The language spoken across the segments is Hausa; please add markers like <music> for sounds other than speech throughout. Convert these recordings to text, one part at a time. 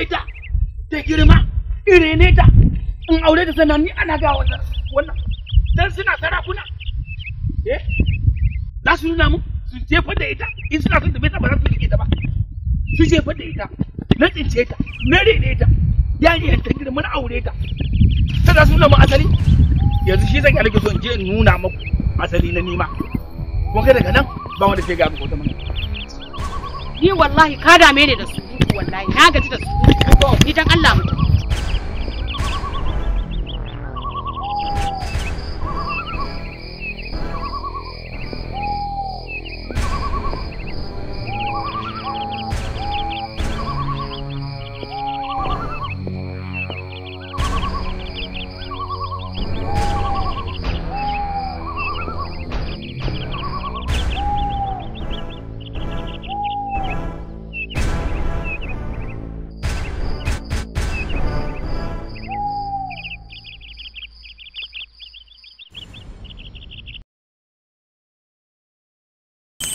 ɗauke ta da girma irene ta in aure da ni ana ga wannan wannan dan suna sarakuna eh su nuna mu su da ita in suna son da ba su rike ta ba su jefar da ita na tsince ta na rene ta ta girma na aure ta ta su mu asali yanzu shi zan in je nuna muku asali na nima kai daga nan ba wanda sai ga mana ni wallahi ka dame da su ku wallahi na gaji da su ni dan Allah mu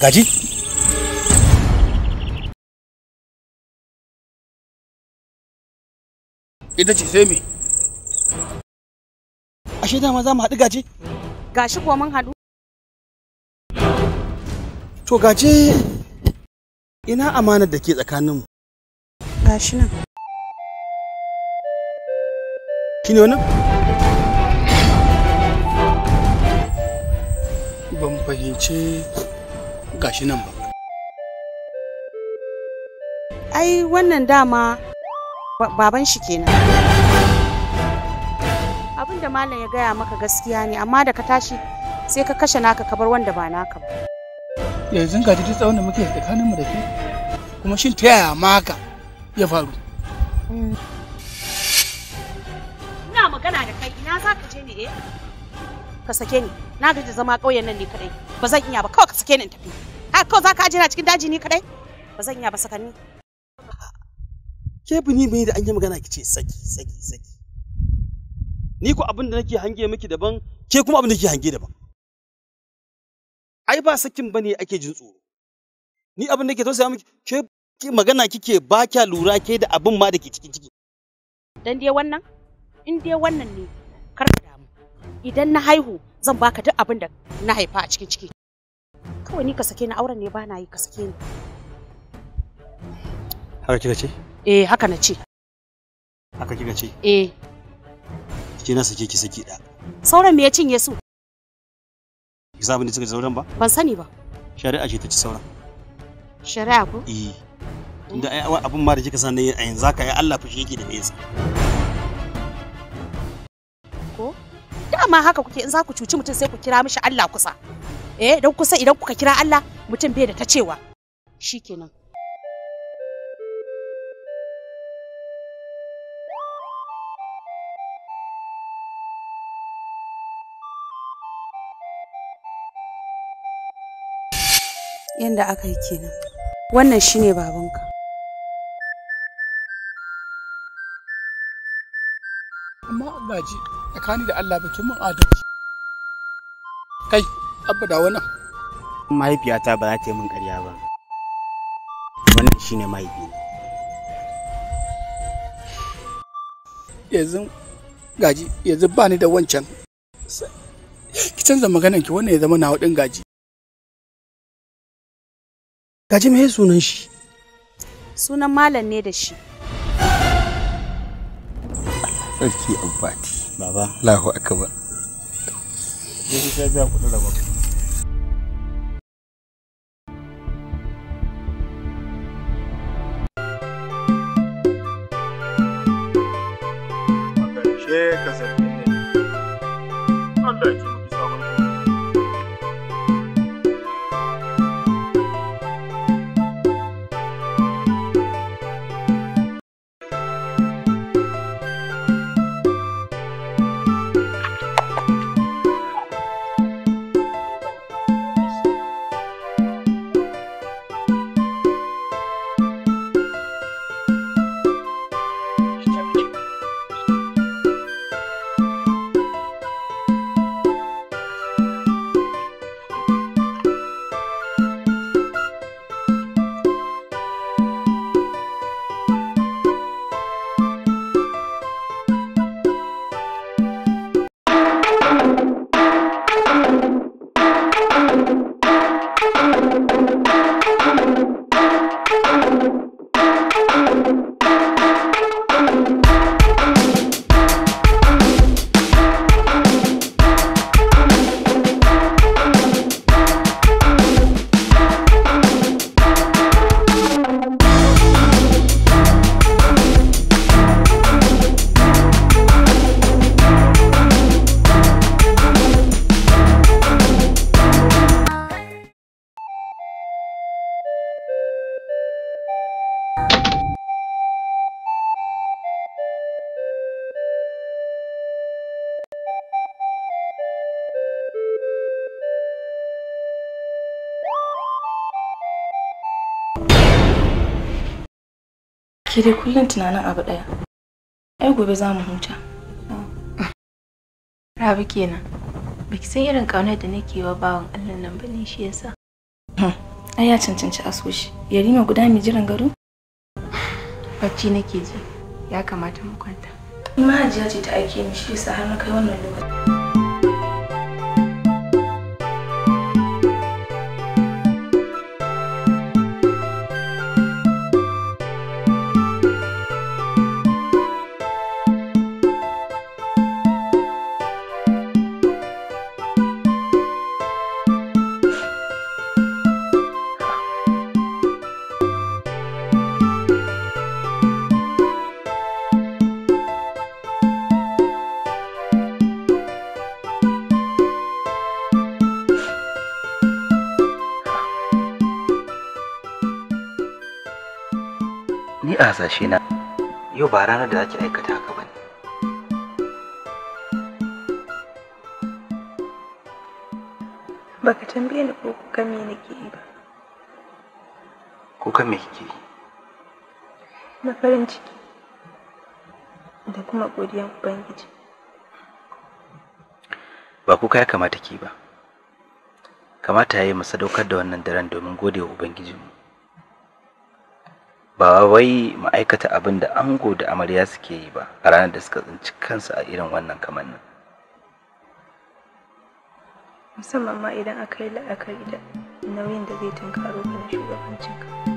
gaji ita ce sai me ashe dama za mu haɗu gaji gashi kuwa mun haɗu to gaji ina amanar da ke tsakaninmu gashi nan ne wannan ban fahimci saka shi nan ba ai wannan dama baban shi kenan abin da malam ya gaya maka gaskiya ne amma da ka tashi sai ka kashe naka ka bar wanda ba naka ba yanzu ga duk tsawon da muke tsakanin mu da ke kuma shin ta yaya ma haka ya faru mm. ina magana da kai ina za ka je ne eh ka sake ni na gaji zama ƙauyen nan ne kadai ba zan iya ba kawai ka sake ni in tafi ha kawai za ka ajiye na cikin daji ni kadai ba zan iya ba sakanni ke bini bini da an yi magana ki ce saki saki saki ni ko abin da nake hange miki daban ke kuma abin da ke hange daban ai ba sakin bane ake jin tsoro ni abin da ke tausaya miki ke magana kike ba kya lura ke da abin ma da ke cikin ciki dan dai wannan in dai wannan ne kar ka damu idan na haihu zan baka duk abin da na haifa a cikin ciki kawai ni ka sake ni auren ne ba na yi ka sake ni haka kika ce eh haka na ce haka kika ce eh kike na sake ki sake da sauran me ya cinye su ki sabu abin da suka sauran ba ban sani ba shari'a ce ta ci sauran shari'a ko eh inda abun ma da kika sani a yanzu zaka yi Allah fushi yake da kai ko dama haka kuke in za ku cuci mutum sai ku kira mishi Allah kusa eh don kusa idan kuka kira Allah mutum bai da ta cewa shikenan yanda aka yi kenan wannan shine babanka amma Allah ji tsakani da Allah bakin mun adalci kai abada wannan. wannan mahaifiyata ba za ta yi min ƙarya ba wannan shine mahaifi yanzu gaji yanzu ba ni da wancan ki canza maganan ki wannan ya zama na hudin gaji gaji mai sunan shi sunan malam ne da shi sarki amfati baba lahu akbar Zai ta biya kuɗin rabon. E, ka zarge ni Ke dai kullum tunanin abu ɗaya. Ai gobe za mu huta. Rabi kenan. Baki san irin ƙaunar da nake wa bawan Allah nan bane shi yasa. Hmm. Ai ya cancanci aso shi. Yarima guda mai jiran gado? Bacci nake ji. Ya kamata mu kwanta. Mahajiya ce ta aike ni shi yasa har na kai wannan lokacin. yi a hasashe na yau ba ranar da zaki aikata haka ba baka tambaye ni ko kuka me nake yi ba kuka me kike yi na farin ciki da kuma godiyan ubangiji ba kuka ya kamata ki ba kamata ya yi mu sadaukar da wannan daren domin gode wa ubangijinmu ba wai ma'aikata abin da ango da amarya suke yi ba a ranar da suka tsinci kansu a irin wannan kamar kamannin musamman ma idan aka yi la'akari da nauyin da zai tunkaro ka na shugabancinka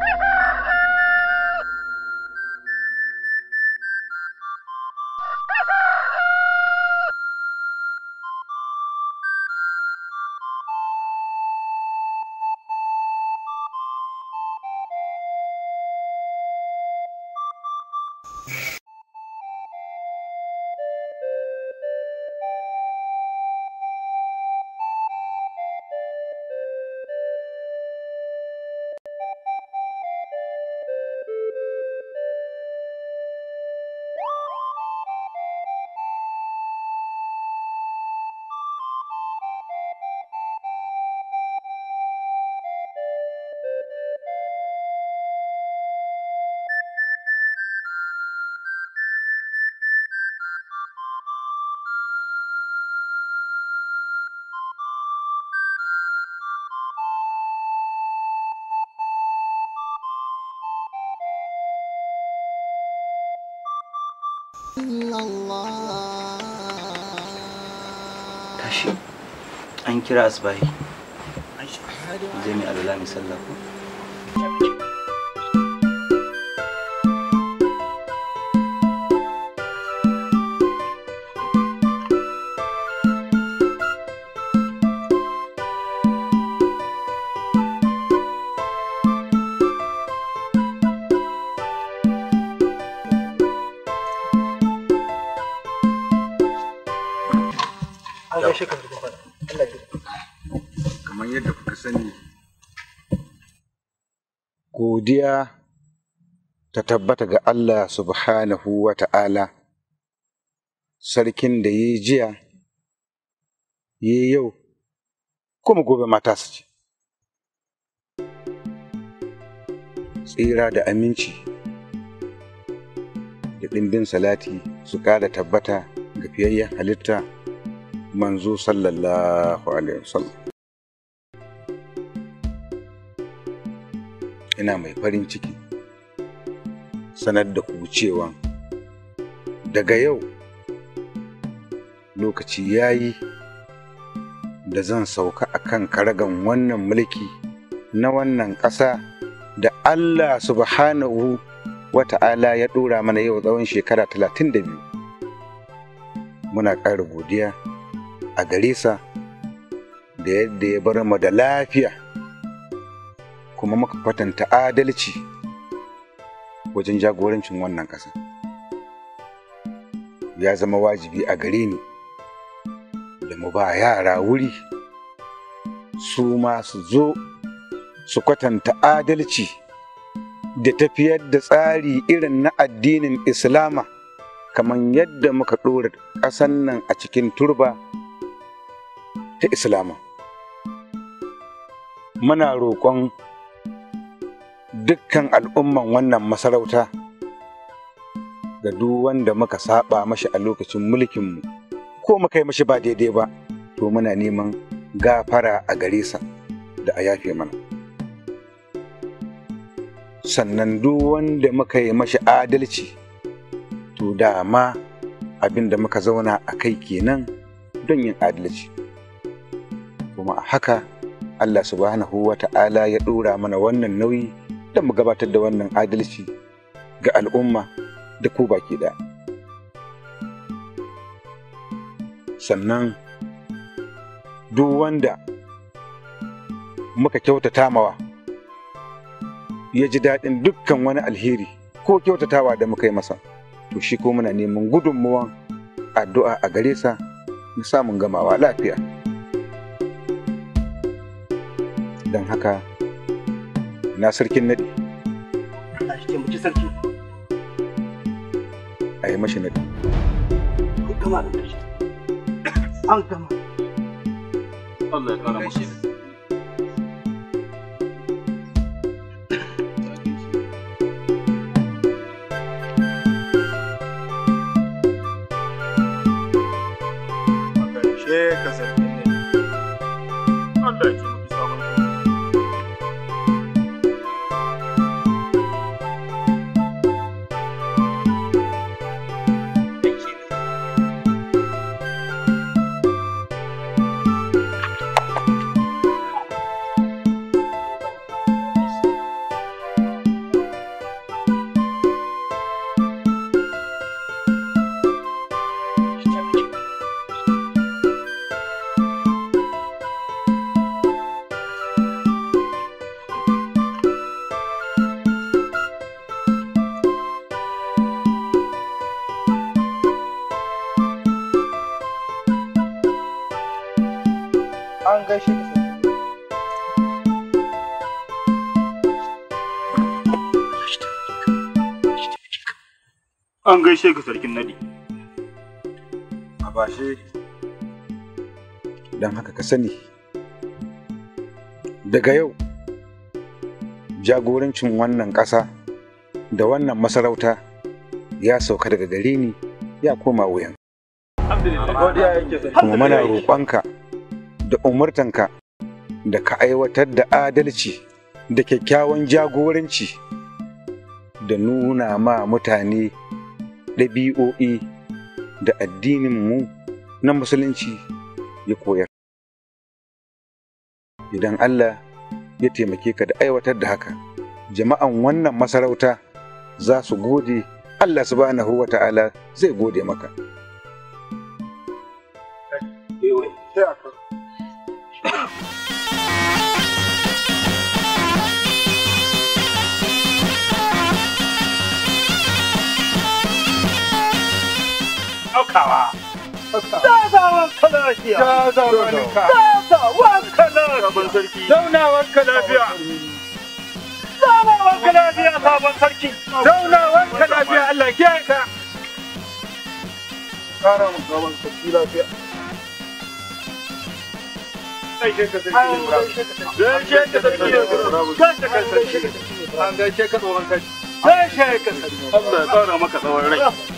Ha <laughs> ha! tashi an kira asbahi zai mai alula misalla ko kamar yadda kuka sani godiya ta tabbata ga Allah subhanahu wa ta'ala sarkin da ya yi jiya ya yi yau kuma gobe mata su ce tsira da aminci da ɗimbin salati su ƙara tabbata ga fiyayyen halitta manzo sallallahu alaihi wasallam ina mai farin ciki sanar da ku cewa daga yau lokaci ya yi da zan sauka a kan karagan wannan mulki na wannan ƙasa da Allah subhanahu wa ta'ala ya ɗora mana yau tsawon shekara 32 muna ƙara godiya a gare da yadda ya bar mu da lafiya kuma muka kwatanta adalci wajen jagorancin wannan ƙasa. Ya zama wajibi a gare ni da mu ba yara wuri su ma su zo su kwatanta adalci da tafiyar da tsari irin na addinin Islama kamar yadda muka ɗora ƙasan nan a cikin turba ta Islama. Muna roƙon dukkan al'umman wannan masarauta ga duk wanda muka saba mashi a lokacin mulkinmu ko muka yi mashi ba daidai ba to muna neman gafara a gare sa da a yafe mana sannan duk wanda muka yi mashi adalci to dama abin da muka zauna a kai kenan don yin adalci kuma a haka Allah subhanahu wa ta'ala ya ɗora mana wannan nauyi yadda mu gabatar da wannan adalci ga al'umma da ku baki ɗaya. Sannan duk wanda muka kyautata mawa ya ji daɗin dukkan wani alheri ko kyautatawa da muka yi masa to shi ko muna neman gudunmuwan addu'a a gare sa na samun gamawa lafiya. Don haka na sarkin naɗi Allah shi taimaki sarki a yi mashi naɗi an gama an gama Allah ya kara mashi gaishe ka sarkin nadi. A bashe. Don haka ka sani, daga yau jagorancin wannan ƙasa da wannan masarauta ya sauka daga gare ni ya koma wuyan. Kuma mana roƙonka da umartanka da ka aiwatar da adalci da kyakkyawan jagoranci da nuna ma mutane ɗabi'o'i da addininmu na musulunci ya koyar. Idan Allah ya taimake ka da aiwatar da haka, jama'an wannan masarauta za su gode Allah subhanahu wa ta'ala zai gode maka. Eh, kokawa Allah ka. ka tsoron kai. Allah ya tsara maka tsawon rai.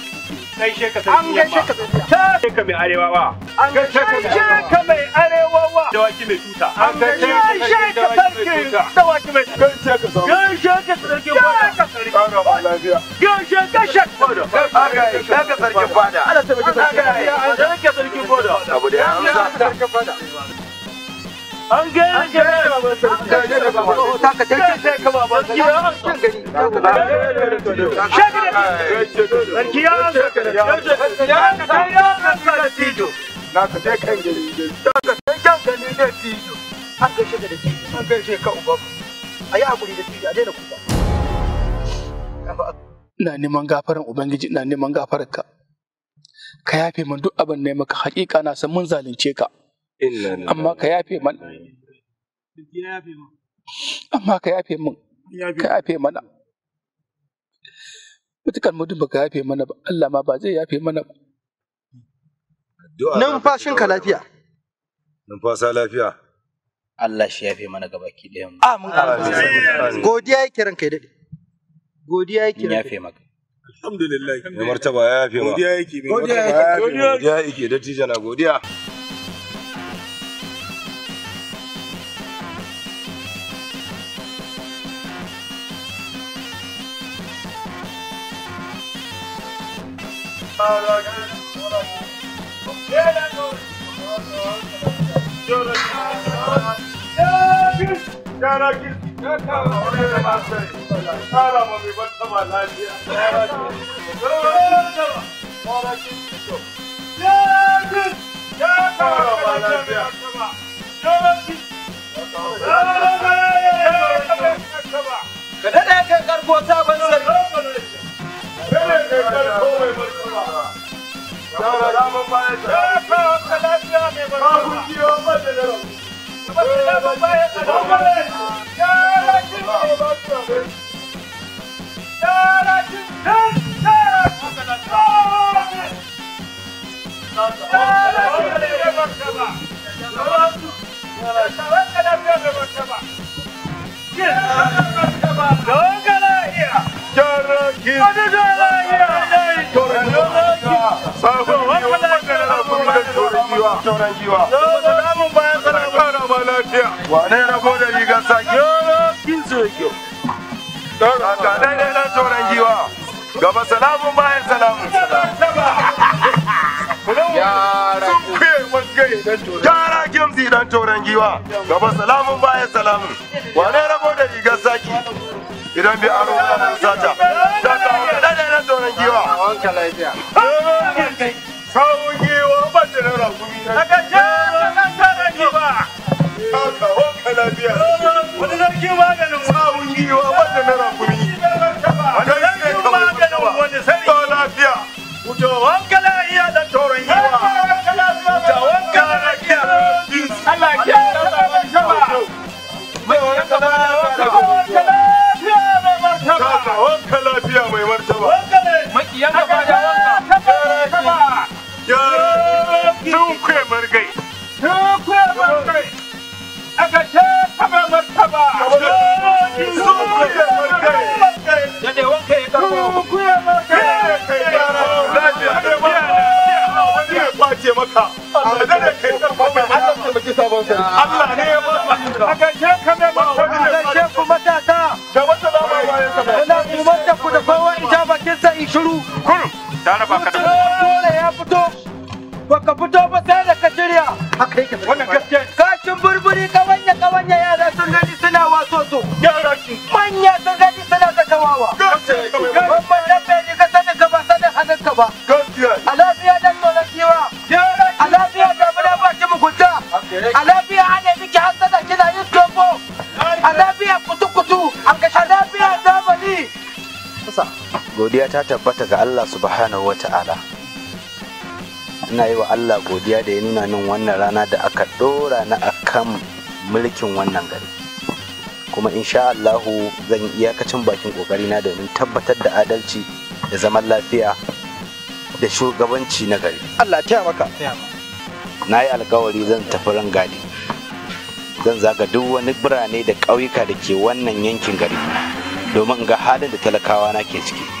gaishe ka ka mai arewa ba an gaishe ka mai arewa ba dawaki mai tuta an gaishe ka sarki dawaki mai gaishe ka sarki ka sarki bada ka sarki shek ka ka sarki bada ana sarki sarki bada abu da sarki bada an gaira gaira ba ta ka take sai ka ba ba ba ya ya ka ta ya ka ta na ka kan gari ta ka sai kan da an da an ka uba hakuri da a ina neman gafaran ubangiji ina neman gafararka ka yafe min duk abin da maka hakika na san mun zalunce ka amma ka yafe mana amma ka yafe min ka yafe mana mutukan mutum ba ka yafe mana ba Allah ma ba zai yafe mana ba numfashin ka lafiya numfasa lafiya Allah shi yafe mana gabaki ɗaya mu godiya yake kai dade godiya yake kiran yafe maka alhamdulillah ya martaba ya yafe ma godiya yake godiya yake godiya yake na godiya da daɗa kan karko sabon Thank you all. lafiya wane rabo da rigar sa gyara kin so kyau daga daidai na toron giwa gaba salamun bayan salamun Gara kimsi dan toron giwa gaba salamun bayan salamun wane rabo da rigar saki idan bi aro kana sata ta kawo daidai na toron giwa maka ya ba ku matata da kowa ita sa in da dole ya baka ba da burburi yara sun suna waso godiya ta tabbata ga Allah subhanahu wa ta'ala ina yi wa Allah godiya da ya nuna min wannan rana da aka ɗora na akan mulkin wannan gari kuma insha Allahu zan iyakacin bakin na domin tabbatar da adalci da zaman lafiya da shugabanci na gari Allah taya maka na yi alkawari zan tafi rangadi zan zaga duk wani birane da ƙauyuka da ke wannan yankin gari domin ga halin da talakawa na ke ciki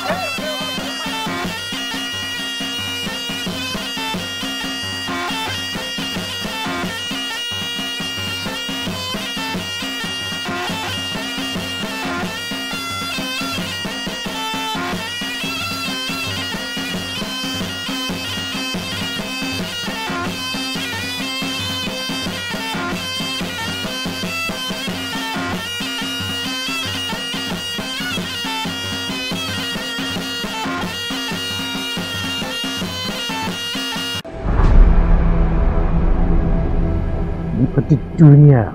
duniya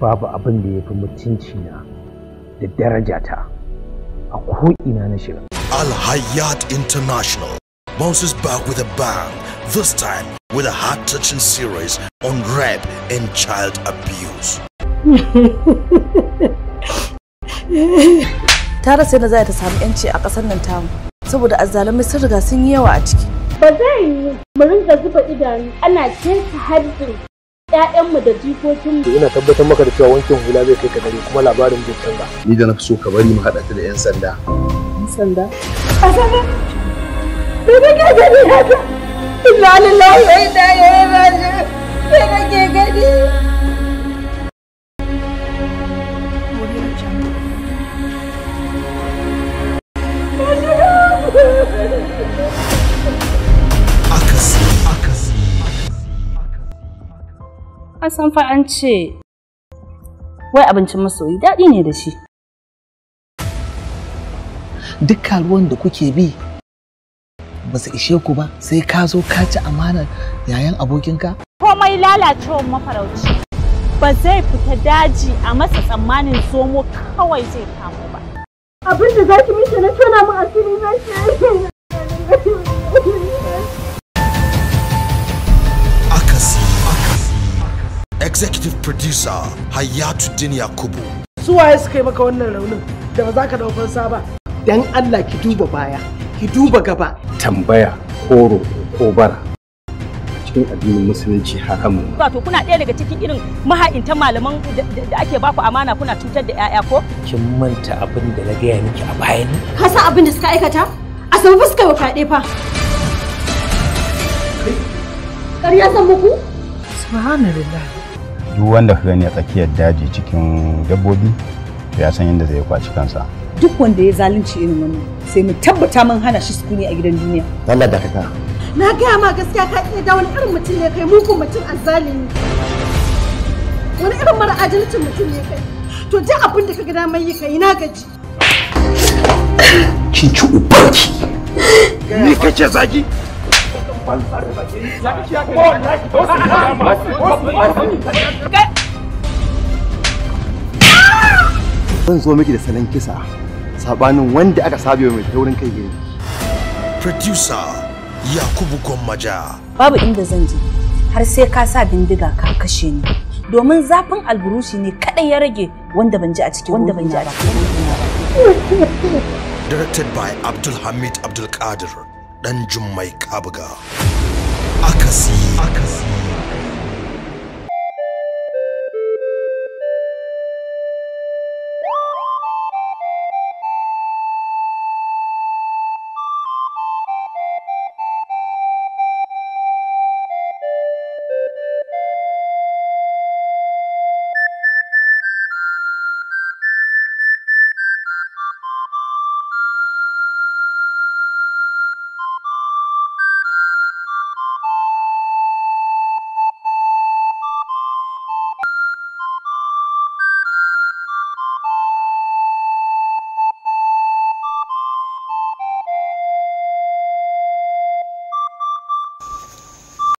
babu abin da ya fi mutunci na da darajata a ko'ina na shiga. Al Hayat International bounces back with a bang, this time with a heart touching series on rape and child abuse. <laughs> Ta rasa na za ta samu 'yanci a ƙasar nan tamu, saboda azzalumai sun riga sun yi yawa a ciki. Ba zai yi mu rinka zuba idanu ana kesa harbin ƴaƴanmu da jikokinmu. Ina tabbatar maka da cewa wankin hula zai kai ka dare kuma labarin bai canza. Ni da na fi so ka bari mu haɗa ta da 'yan sanda. 'Yan sanda? A sanda? Me da ke gani haka? Ina lillahi wa ina ilaihi raji'un. Me da ke gani? an san fa an ce wai abincin masoyi daɗi ne da shi duk karuwan da kuke bi ba su ishe ku ba sai ka zo ka ci amanar yayan abokinka komai lalacewar mafarauci ba zai fita daji a masa tsammanin zomo kawai zai kamo ba abin da zaki mishi na tona mu asiri na shi executive producer hayatu hayatuddin yakubu su waye suka yi maka wannan raunin da ba za ka daukar sa ba dan allah ki duba baya ki duba gaba tambaya koro ko bara cikin addinin musulunci haramun wato kuna ɗaya daga cikin irin maha'inta malaman da ake baku amana kuna cutar da 'ya'ya ko kin manta abin da na gaya miki a ne? ka san abin da suka aikata a samu fuskar wa fa ƙarya san muku subhanallah duk wanda ka gani a tsakiyar daji cikin dabbobi to ya san yadda zai kwaci kansa duk wanda ya zalunci irin wannan sai mu tabbata mun hana shi sukuni a gidan duniya Allah da kaka na gaya ma gaskiya ka iya da wani irin mutum ne kai mugun mutum azzalimi wani irin mara adalcin mutum ne kai to duk abin da ka gida mai yi kai na gaji kin ci ubarki ni kace zagi zan zo miki da salon kisa sabanin wanda aka sabe mai taurin kai gari producer yakubu gwammaja babu inda zan je har sai ka sa bindiga ka kashe ni domin zafin alburushi ne kaɗai ya rage wanda ban ji a ciki wanda ban ji a cikin directed by abdulhamid abdulkadir Ɗan jummai Kabga, akasi akasi